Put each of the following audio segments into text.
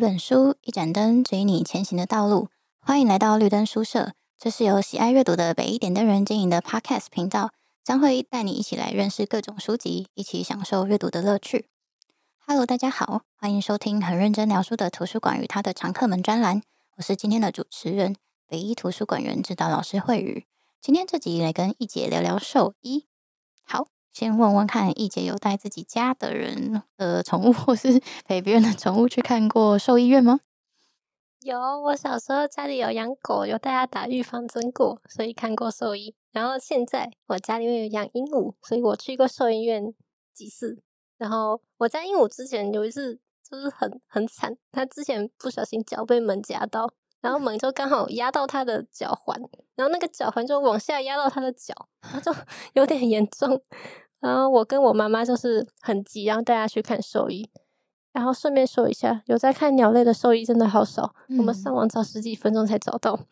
一本書，一盞燈，指引你前行的道路。歡迎來到綠燈書社，這是由喜愛閱讀的北一點燈人經營的 Podcast 頻道，將會帶你一起來認識各種書籍，一起享受閱讀的樂趣。哈嘍，大家好，歡迎收聽很認真聊書的圖書館與它的常客們專欄。我是今天的主持人，北一圖書館員指導老師蕙宇。今天這集來跟翌姐聊聊獸醫。好。先問問看，翌婕有帶自己家的人的寵物，或是陪別人的寵物去看過獸醫院嗎？有，我小時候家裡有養狗，有帶它打預防針過，所以看過獸醫。然後現在我家裡面有養鸚鵡，所以我去過獸醫院幾次。然後我家鸚鵡之前有一次就是很很慘，它之前不小心腳被門夾到。然後門就剛好壓到他的腳環，然後那個腳環就往下壓到他的腳，然後就有點嚴重。然後我跟我媽媽就是很急，然後帶他去看獸醫。然後順便說一下，有在看鳥類的獸醫真的好少，我們上網找十幾分鐘才找到、嗯、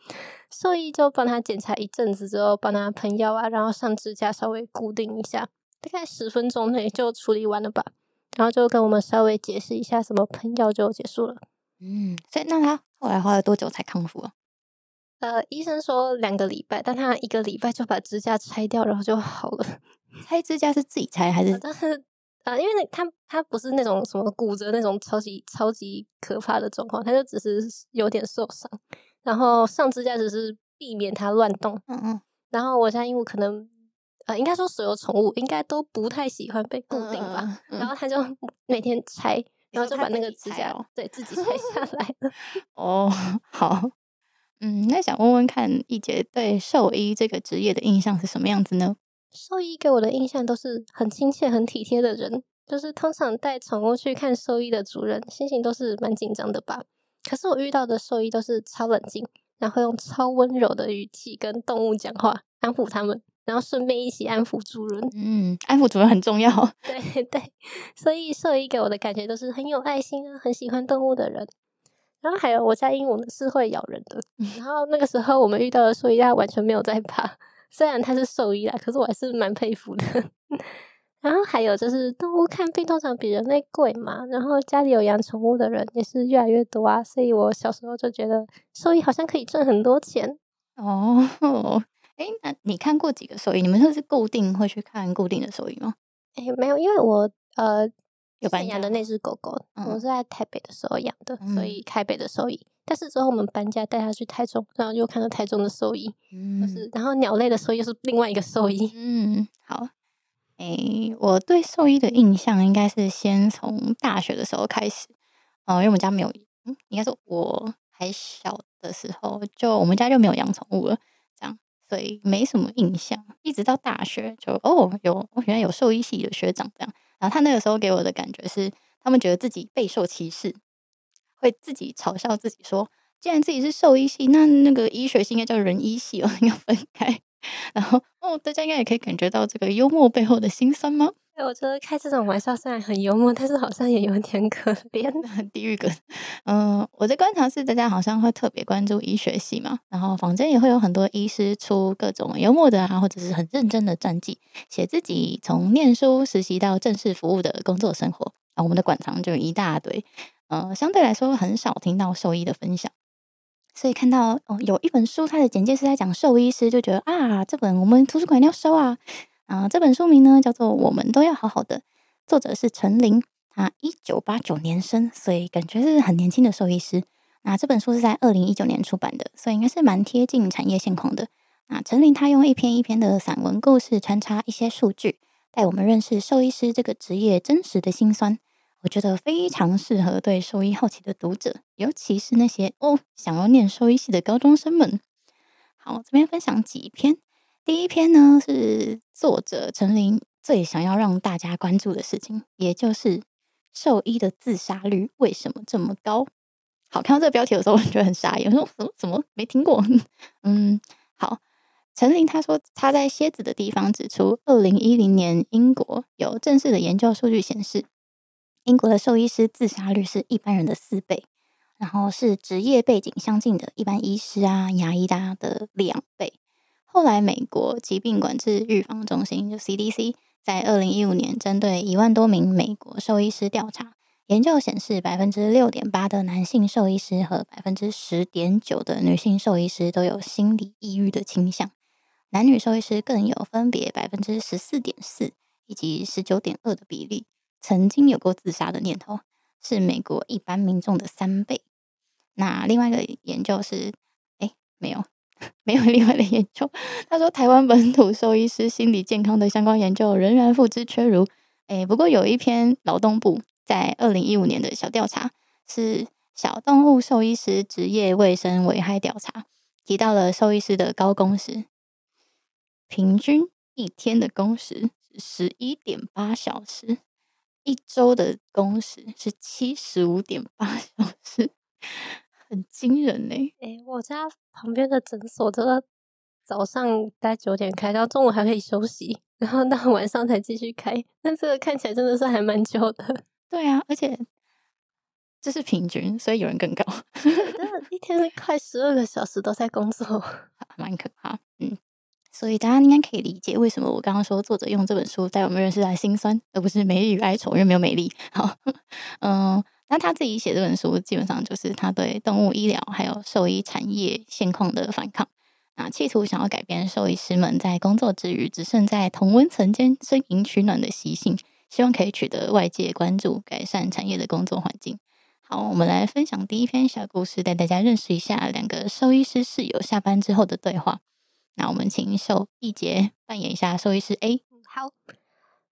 獸醫，就幫他檢查一陣子之後，幫他噴藥啊，然後上支架稍微固定一下，大概十分鐘內就處理完了吧。然後就跟我們稍微解釋一下，什麼噴藥就結束了。嗯，所以那他。後來花了多久才康復啊？呃，醫生說兩個禮拜，但他一個禮拜就把支架拆掉，然後就好了。拆支架是自己拆還是？啊、但是啊、呃，因為那他他不是那種什麼骨折那種超級超級可怕的狀況，他就只是有點受傷，然後上支架只是避免他亂動。嗯嗯。然後我家鸚鵡可能啊、呃，應該說所有寵物應該都不太喜歡被固定吧，嗯嗯，然後他就每天拆。然後就把那個指甲，對自己拆，哦，下來了。哦 ，oh，好，嗯，那想問問看，翌婕對獸醫這個職業的印象是什麼樣子呢？獸醫給我的印象都是很親切、很體貼的人，就是通常帶寵物去看獸醫的主人，心情都是蠻緊張的吧。可是我遇到的獸醫都是超冷靜。然後用超溫柔的語氣跟動物講話，安撫他們，然後順便一起安撫主人。嗯，安撫主人很重要。對對，對，所以獸醫給我的感覺都是很有愛心啊，很喜歡動物的人。然後還有，我家鸚鵡是會咬人的。然後那個時候我們遇到的獸醫，他完全沒有在怕。雖然他是獸醫啦，可是我還是蠻佩服的。然後還有就是，動物看病通常比人類貴嘛。然後家裡有養寵物的人也是越來越多啊。所以，我小時候就覺得獸醫好像可以賺很多錢哦。哎，那你看過幾個獸醫？你們是不是固定會去看固定的獸醫嗎？哎，沒有，因為我呃，有搬家的那只狗狗，嗯，我是在台北的時候養的，所以台北的獸醫，嗯。但是之後我們搬家帶它去台中，然後就看到台中的獸醫。嗯，就是。然後鳥類的獸醫又是另外一個獸醫，嗯。嗯，好。誒，我對獸醫的印象應該是先從大學的時候開始，哦、呃，因為我們家沒有，嗯，應該說我還小的時候就，就我們家就沒有養寵物了，這樣，所以沒什麼印象。一直到大學就，就哦，有，原來有獸醫系的學長這樣，然後他那個時候給我的感覺是，他們覺得自己備受歧視，會自己嘲笑自己說，既然自己是獸醫系，那那個醫學系應該叫人醫系哦，應該分開。然後哦，大家應該也可以感覺到這個幽默背後的心酸嗎？哎，我覺得開這種玩笑雖然很幽默，但是好像也有點可憐，很地獄梗。嗯、呃，我的觀察是大家好像會特別關注醫學系嘛，然後坊間也會有很多醫師出各種幽默的，啊，或者是很認真的傳記，寫自己從念書、實習到正式服務的工作生活。啊，我們的館藏就一大堆。呃，相對來說很少聽到獸醫的分享。所以看到哦，有一本書，它的簡介是在講獸醫師，就覺得啊，這本我們圖書館要收啊。啊，這本書名呢叫做《我們都要好好的》，作者是陳凌，他一九八九年生，所以感覺是很年輕的獸醫師。那、啊、這本書是在二零一九年出版的，所以應該是蠻貼近產業現況的。啊，陳凌他用一篇一篇的散文故事穿插一些數據，帶我們認識獸醫師這個職業真實的辛酸。我覺得非常適合對獸醫好奇的讀者，尤其是那些哦想要念獸醫系的高中生們。好，這邊分享幾篇。第一篇呢是作者陳凌最想要讓大家關注的事情，也就是獸醫的自殺率為什麼這麼高？好，看到這個標題的時候，我覺得很傻眼，有時候，怎麼怎麼沒聽過？嗯，好，陳凌他說他在楔子的地方指出，二零一零年英國有正式的研究數據顯示。英國的獸醫師自殺率是一般人的四倍，然後是職業背景相近的一般醫師啊、牙醫大的兩倍。後來，美國疾病管制預防中心就 CDC 在二零一五年針對一萬多名美國獸醫師調查研究顯示，百分之六點八的男性獸醫師和百分之十點九的女性獸醫師都有心理抑鬱的傾向，男女獸醫師更有分別百分之十四點四以及十九點二的比例，曾經有過自殺的念頭，是美國一般民眾的三倍。那另外一個研究是，哎，沒有，沒有另外的研究。他說，台灣本土獸醫師心理健康的相關研究仍然付之闕如。哎，不過有一篇勞動部在二零一五年的小調查，是小動物獸醫師職業衛生危害調查，提到了獸醫師的高工時，平均一天的工時十一點八小時。一周的工時是七十五點八小時，很驚人呢、欸。誒、欸，我家旁邊的診所都要早上大概九點開，到中午還可以休息，然後到晚上才繼續開。但這個看起來真的是還蠻久的。對啊，而且這是平均，所以有人更高，真 的，但一天快十二個小時都在工作，蠻可怕。所以大家應該可以理解為什麼我剛剛說作者用這本書帶我們認識了辛酸，而不是美麗與哀愁，因為沒有美麗。好呵呵，嗯，那他自己寫這本書，基本上就是他對動物醫療還有獸醫產業現況的反抗，啊，企圖想要改變獸醫師們在工作之餘只剩在同溫層間呻吟取暖的習性，希望可以取得外界關注，改善產業的工作環境。好，我們來分享第一篇小故事，帶大家認識一下兩個獸醫師室友下班之後的對話。那我們請翌婕扮演一下獸醫師誒、嗯、好，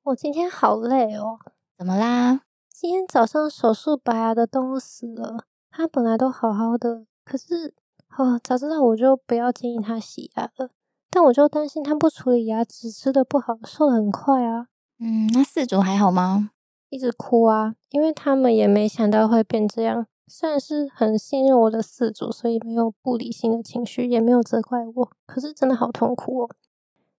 我、哦、今天好累哦。怎麼啦？今天早上手術拔牙的動物死了，它本來都好好的，可是哦，早知道我就不要建議他洗牙了。但我就擔心他不處理牙齒，吃得不好，瘦得很快啊。嗯，那飼主還好嗎？一直哭啊，因為他們也沒想到會變這樣。雖然是很信任我的飼主，所以沒有不理性的情緒，也沒有責怪我。可是真的好痛苦哦、喔。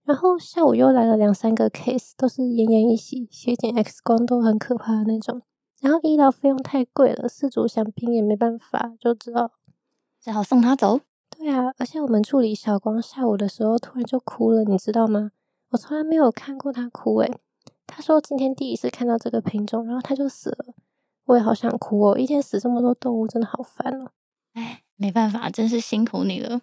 然後下午又來了兩三個 case，都是奄奄一息，血檢 X 光都很可怕的那種。然後醫療費用太貴了，飼主想拼也沒辦法，就知道只好送他走。對啊，而且我們助理小光下午的時候突然就哭了，你知道嗎？我從來沒有看過他哭誒、欸，他說今天第一次看到這個品種，然後他就死了。我也好想哭哦！一天死這麼多動物，真的好煩哦。唉，沒辦法，真是辛苦你了。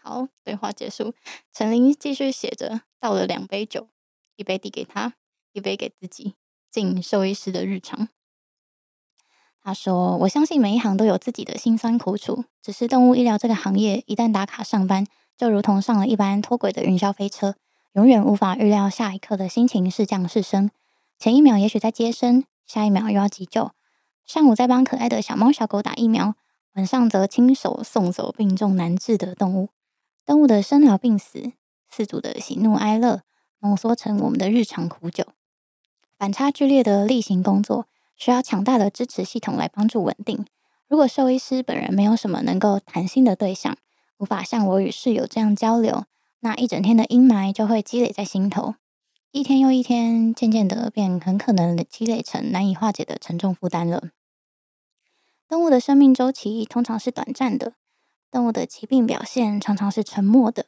好，對話結束。陳凌繼續寫着，倒了兩杯酒，一杯遞給他，一杯給自己。敬獸醫師的日常，他說：“我相信每一行都有自己的辛酸苦楚，只是動物醫療這個行業，一旦打卡上班，就如同上了一班脫軌的雲霄飛車，永遠無法預料下一刻的心情是降是升。前一秒也許在接生，下一秒又要急救。”上午在幫可愛的小貓小狗打疫苗，晚上則親手送走病重難治的動物。動物的生老病死，飼主的喜怒哀樂，濃縮成我們的日常苦酒。反差劇烈的例行工作，需要強大的支持系統來幫助穩定。如果獸醫師本人沒有什麼能夠談心的對象，無法像我與室友這樣交流，那一整天的陰霾就會積累在心頭。一天又一天，漸漸的，便很可能積累成難以化解的沉重負擔了。動物的生命周期通常是短暫的，動物的疾病表現常常是沉默的，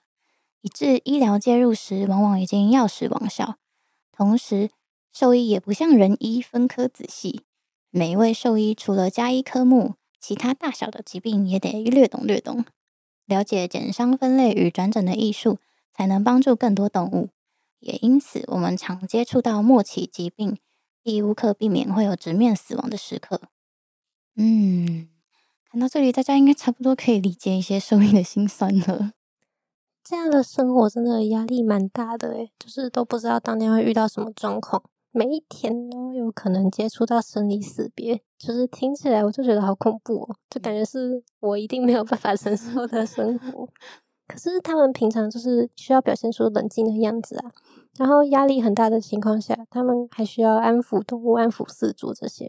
以致醫療介入時往往已經藥石無效。同時，獸醫也不像人醫分科仔細，每一位獸醫除了加一科目，其他大小的疾病也得略懂略懂。了解檢傷分類與轉診的藝術，才能幫助更多動物。也因此，我們常接觸到末期疾病，亦無可避免會有直面死亡的時刻。嗯，看到這裡，大家應該差不多可以理解一些獸醫的心酸了。這樣的生活真的壓力蠻大的誒、欸、就是都不知道當天會遇到什麼狀況，每一天都有可能接觸到生離死別，就是聽起來我就覺得好恐怖哦、喔，就感覺是我一定沒有辦法承受的生活。 可是他們平常就是需要表現出冷靜的樣子啊，然後壓力很大的情況下，他們還需要安撫動物、安撫飼主這些。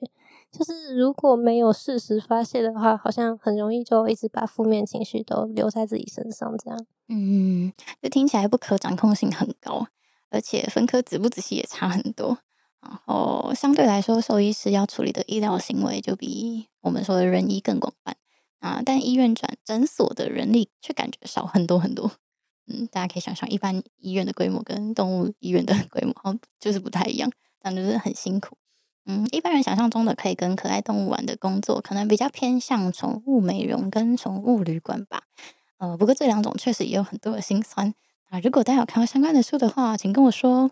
就是如果沒有適時發泄的話，好像很容易就一直把負面情緒都留在自己身上，這樣。嗯，就聽起來不可掌控性很高，而且分科仔不仔細也差很多。然後相對來說，獸醫師要處理的醫療行為就比我們說的人醫更廣泛啊，但醫院轉診所的人力卻感覺少很多很多。嗯，大家可以想想，一般醫院的規模跟動物醫院的規模，哦，就是不太一樣，感覺是很辛苦。嗯，一般人想象中的可以跟可愛動物玩的工作，可能比較偏向寵物美容跟寵物旅館吧。呃，不過這兩種確實也有很多的心酸啊。如果大家有看過相關的書的話，請跟我說。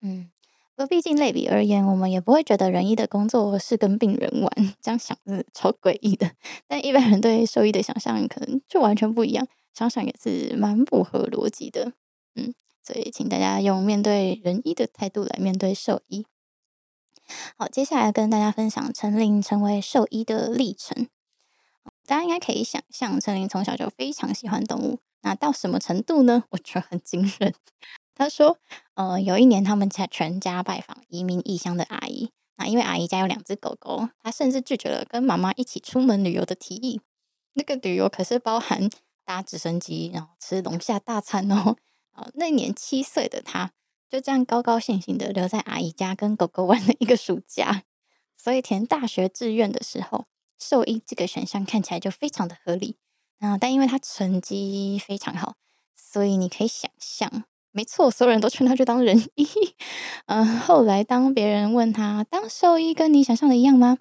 嗯，不過畢竟類比而言，我們也不會覺得仁醫的工作是跟病人玩，這樣想真的超詭異的。但一般人對獸醫的想象可能就完全不一樣，想想也是蠻不合邏輯的。嗯，所以請大家用面對仁醫的態度來面對獸醫。好，接下來跟大家分享陳凌成為獸醫的歷程。大家應該可以想象，陳凌從小就非常喜歡動物。那到什麼程度呢？我覺得很驚人。他說，呃，有一年他們家全家拜訪移民異鄉的阿姨，那因為阿姨家有兩隻狗狗，他甚至拒絕了跟媽媽一起出門旅遊的提議。那個旅遊可是包含搭直升機，然後吃龍蝦大餐哦。呃，那年七歲的他，就這樣高高興興的留在阿姨家跟狗狗玩了一個暑假，所以填大學志願的時候，獸醫這個選項看起來就非常的合理啊、呃！但因為他成績非常好，所以你可以想象，沒錯，所有人都勸他去當人醫。嗯、 呃，後來當別人問他當獸醫跟你想象的一樣嗎？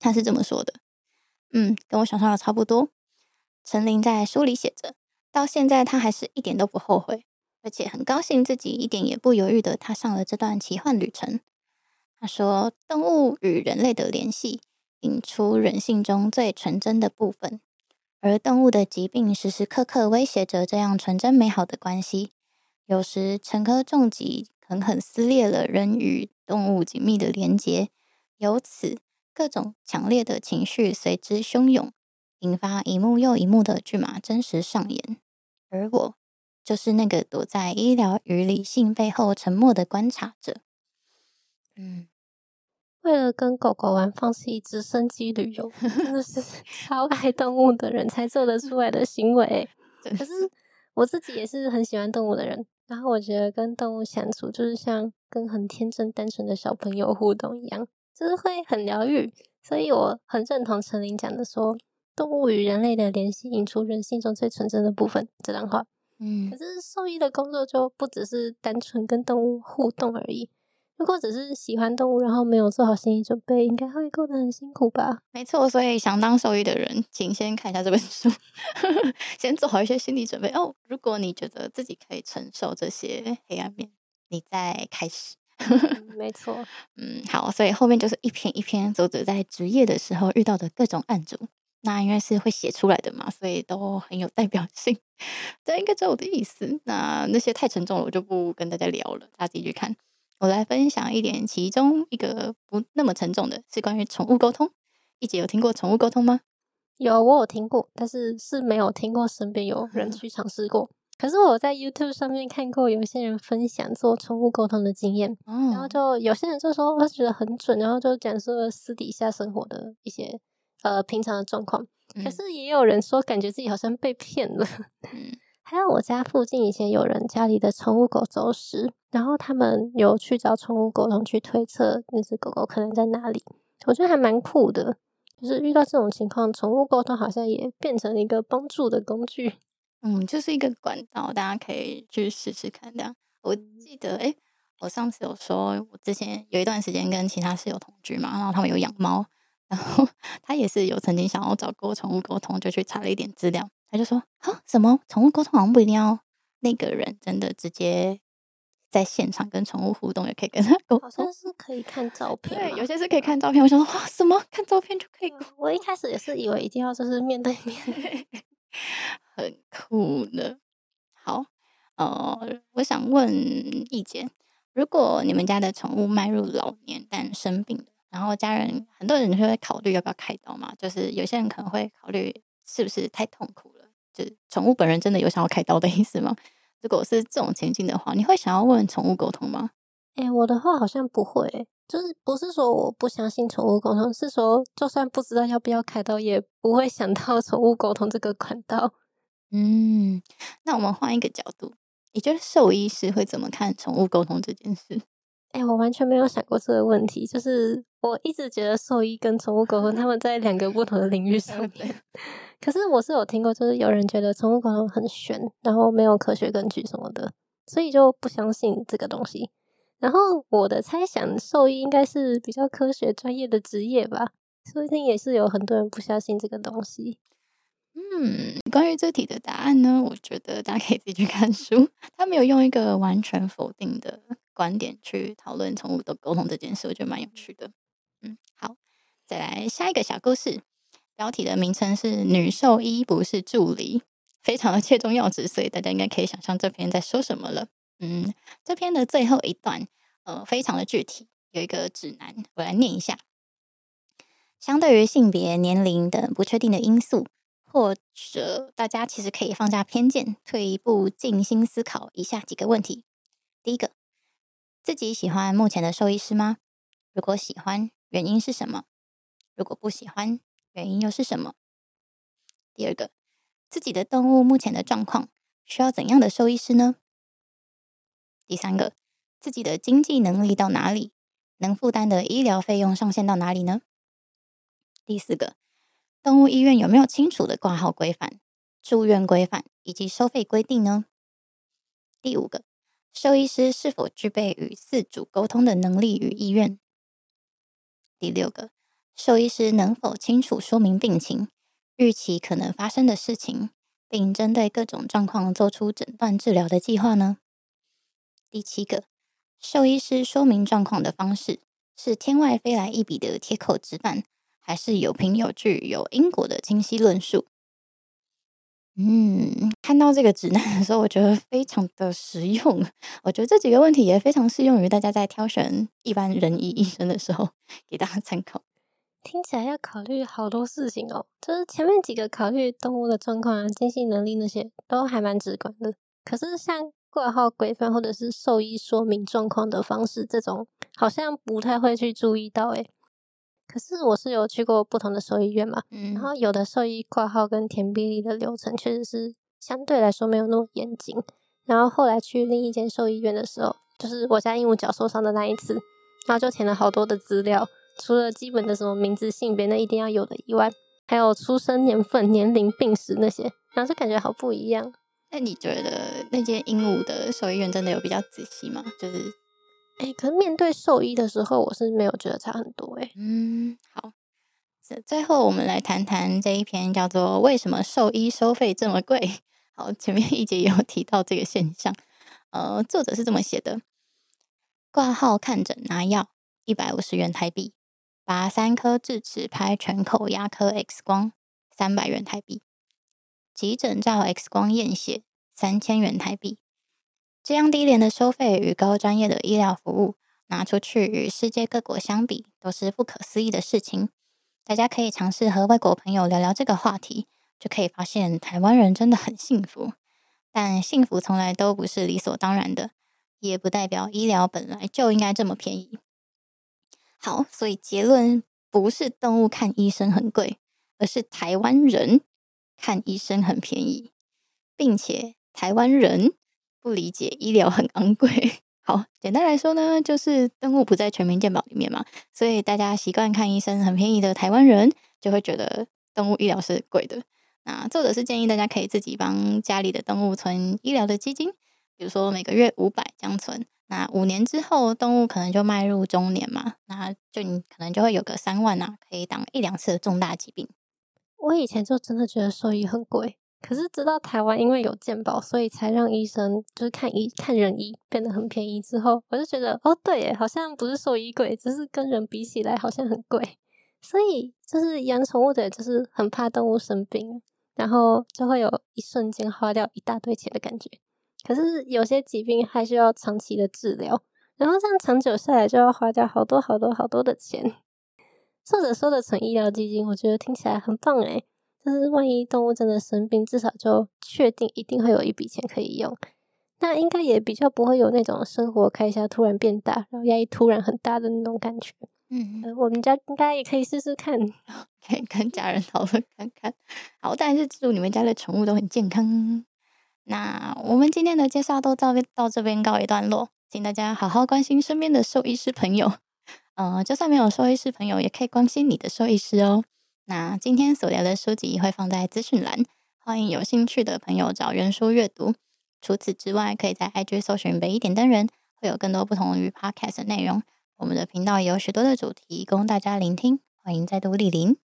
他是這麼說的：“嗯，跟我想象的差不多。”陳凌在書裡寫着，到現在他還是一點都不後悔。而且很高興自己一點也不猶豫地踏上了這段奇幻旅程。他說：“動物與人類的聯繫引出人性中最純真的部分，而動物的疾病時時刻刻威脅着這樣純真美好的關係。有時乘客極，沉痾重疾狠狠撕裂了人與動物緊密的連結，由此各種強烈的情緒隨之洶湧，引發一幕又一幕的劇碼真實上演。”而我。就是那個躲在醫療與理性背後沉默的觀察者，嗯，為了跟狗狗玩放棄直升機旅遊，真的是超愛動物的人才做得出來的行為。 可是我自己也是很喜歡動物的人，然後我覺得跟動物相處就是像跟很天真單純的小朋友互動一樣，就是會很療癒。所以我很認同陳凌講的說，動物與人類的聯繫引出人性中最純真的部分，這段話。嗯，可是獸醫的工作就不只是單純跟動物互動而已。如果只是喜歡動物，然後沒有做好心理準備，應該會過得很辛苦吧？沒錯，所以想當獸醫的人，請先看一下這本書， 先做好一些心理準備。哦，如果你覺得自己可以承受這些黑暗面，你再開始。 嗯、沒錯，嗯，好，所以後面就是一篇一篇作者在執業的時候遇到的各種案主。那應該是會寫出來的嘛，所以都很有代表性。 這應該知道我的意思。那那些太沉重了，我就不跟大家聊了，大家繼續看。我來分享一點其中一個不那麼沉重的，是關於寵物溝通。翌婕有聽過寵物溝通嗎？有，我有聽過，但是是沒有聽過身邊有人去嘗試過，嗯。可是我在 YouTube 上面看過有些人分享做寵物溝通的經驗，嗯，然後就有些人就說他覺得很準，然後就講述了私底下生活的一些。呃，平常的狀況，可是也有人說感覺自己好像被騙了。嗯，還有我家附近以前有人家裡的寵物狗走失，然後他們有去找寵物溝通去推測那隻狗狗可能在哪裡。我覺得還蠻酷的，就是遇到這種情況，寵物溝通好像也變成一個幫助的工具。嗯，就是一個管道，大家可以去試試看的。我記得，誒、欸、我上次有說，我之前有一段時間跟其他室友同居嘛，然後他們有養貓。然 後他也是有曾經想要找過寵物溝通，就去查了一點資料。他就說：“哈，什麼寵物溝通好像不一定要那個人真的直接在現場跟寵物互動，也可以跟他溝通。”好像是可以看照片。對，有些是可以看照片。嗯、我想說，哇，什麼看照片就可以、嗯？我一開始也是以為一定要就是面對面。 很酷的。好，呃，我想問翌婕：如果你們家的寵物邁入老年但生病然後家人很多人就會考慮要不要開刀嘛，就是有些人可能會考慮是不是太痛苦了，就是寵物本人真的有想要開刀的意思嗎？如果是這種情境的話，你會想要問寵物溝通嗎？哎、欸，我的話好像不會，就是不是說我不相信寵物溝通，是說就算不知道要不要開刀，也不會想到寵物溝通這個管道。嗯，那我們換一個角度，你覺得獸醫師會怎麼看寵物溝通這件事？哎、欸，我完全沒有想過這個問題。就是我一直覺得獸醫跟寵物溝通，他們在兩個不同的領域上面。 可是我是有聽過，就是有人覺得寵物溝通很玄，然後沒有科學根據什麼的，所以就不相信這個東西。然後我的猜想，獸醫應該是比較科學專業的職業吧，說不定也是有很多人不相信這個東西。嗯，關於這題的答案呢，我覺得大家可以自己去看書。他沒有用一個完全否定的。觀點去討論寵物的溝通這件事，我覺得蠻有趣的。嗯，好，再來下一個小故事，標題的名稱是“女獸醫不是助理”，非常的切中要旨，所以大家應該可以想象這篇在說什麼了。嗯，這篇的最後一段，呃，非常的具體，有一個指南，我來念一下：相對於性別、年齡等不確定的因素，或者大家其實可以放下偏見，退一步靜心思考以下幾個問題。第一個。自己喜歡目前的獸醫師嗎？如果喜歡，原因是什麼？如果不喜歡，原因又是什麼？第二個，自己的動物目前的狀況需要怎樣的獸醫師呢？第三個，自己的經濟能力到哪裡？能負擔的醫療費用上限到哪裡呢？第四個，動物醫院有沒有清楚的掛號規範、住院規範以及收費規定呢？第五個。獸醫師是否具備與飼主溝通的能力與意願？第六個，獸醫師能否清楚說明病情、預期可能發生的事情，並針對各種狀況做出診斷治療的計劃呢？第七個，獸醫師說明狀況的方式是天外飛來一筆的鐵口直斷，還是有憑有據、有因果的清晰論述？嗯，看到這個指南的時候，我覺得非常的實用。我覺得這幾個問題也非常適用於大家在挑選一般人醫醫生的時候，給大家參考。聽起來要考慮好多事情哦，就是前面幾個考慮動物的狀況啊、精細能力那些，都還蠻直觀的。可是像掛號規範或者是獸醫說明狀況的方式這種，好像不太會去注意到誒、欸可是我是有去過不同的獸醫院嘛，嗯，然後有的獸醫掛號跟填病歷的流程確實是相對來說沒有那麼嚴謹。然後後來去另一間獸醫院的時候，就是我家鸚鵡腳受傷的那一次，然後就填了好多的資料，除了基本的什麼名字、性別那一定要有的以外，還有出生年份、年齡、病史那些，然後就感覺好不一樣。那你覺得那間鸚鵡的獸醫院真的有比較仔細嗎？就是。哎、欸，可是面對獸醫的時候，我是沒有覺得差很多哎、欸。嗯，好，這最後我們來談談這一篇叫做《為什麼獸醫收費這麼貴》。好，前面一節也有提到這個現象，呃，作者是這麼寫的：掛號看診拿藥一百五十元台幣，拔三顆智齒拍全口牙科 X 光三百元台幣，急診照 X 光驗血三千元台幣。這樣低廉的收費與高專業的醫療服務，拿出去與世界各國相比，都是不可思議的事情。大家可以嘗試和外國朋友聊聊這個話題，就可以發現台灣人真的很幸福。但幸福從來都不是理所當然的，也不代表醫療本來就應該這麼便宜。好，所以結論不是動物看醫生很貴，而是台灣人看醫生很便宜，並且台灣人不理解醫療很昂貴。好，簡單來說呢，就是動物不在全民健保裡面嘛，所以大家習慣看醫生很便宜的台灣人，就會覺得動物醫療是貴的。那作者是建議大家可以自己幫家裡的動物存醫療的基金，比如說每個月五百這樣存，那五年之後動物可能就邁入中年嘛，那就你可能就會有個三萬吶、啊，可以擋一兩次的重大疾病。我以前就真的覺得獸醫很貴。可是，直到台灣因為有健保，所以才讓醫生就是看醫看人醫變得很便宜之後，我就覺得哦，對耶，好像不是說醫貴，只是跟人比起來好像很貴。所以，就是養寵物的，就是很怕動物生病，然後就會有一瞬間花掉一大堆錢的感覺。可是有些疾病還需要長期的治療，然後這樣長久下來就要花掉好多好多好多的錢。作者說的存醫療基金，我覺得聽起來很棒誒。但是萬一動物真的生病，至少就確定一定會有一筆錢可以用，那應該也比較不會有那種生活開銷突然變大，然後壓力突然很大的那種感覺。嗯，呃、我們家應該也可以試試看，可、okay, 以跟家人討論看看。好，但是祝你們家的寵物都很健康。那我們今天的介紹都到到這邊告一段落，請大家好好關心身邊的獸醫師朋友。呃，就算沒有獸醫師朋友，也可以關心你的獸醫師哦。那今天所聊的書籍會放在資訊欄，歡迎有興趣的朋友找原書閱讀。除此之外，可以在 IG 搜尋“每一點燈人”，會有更多不同於 Podcast 的內容。我們的頻道也有許多的主題供大家聆聽，歡迎再度蒞臨。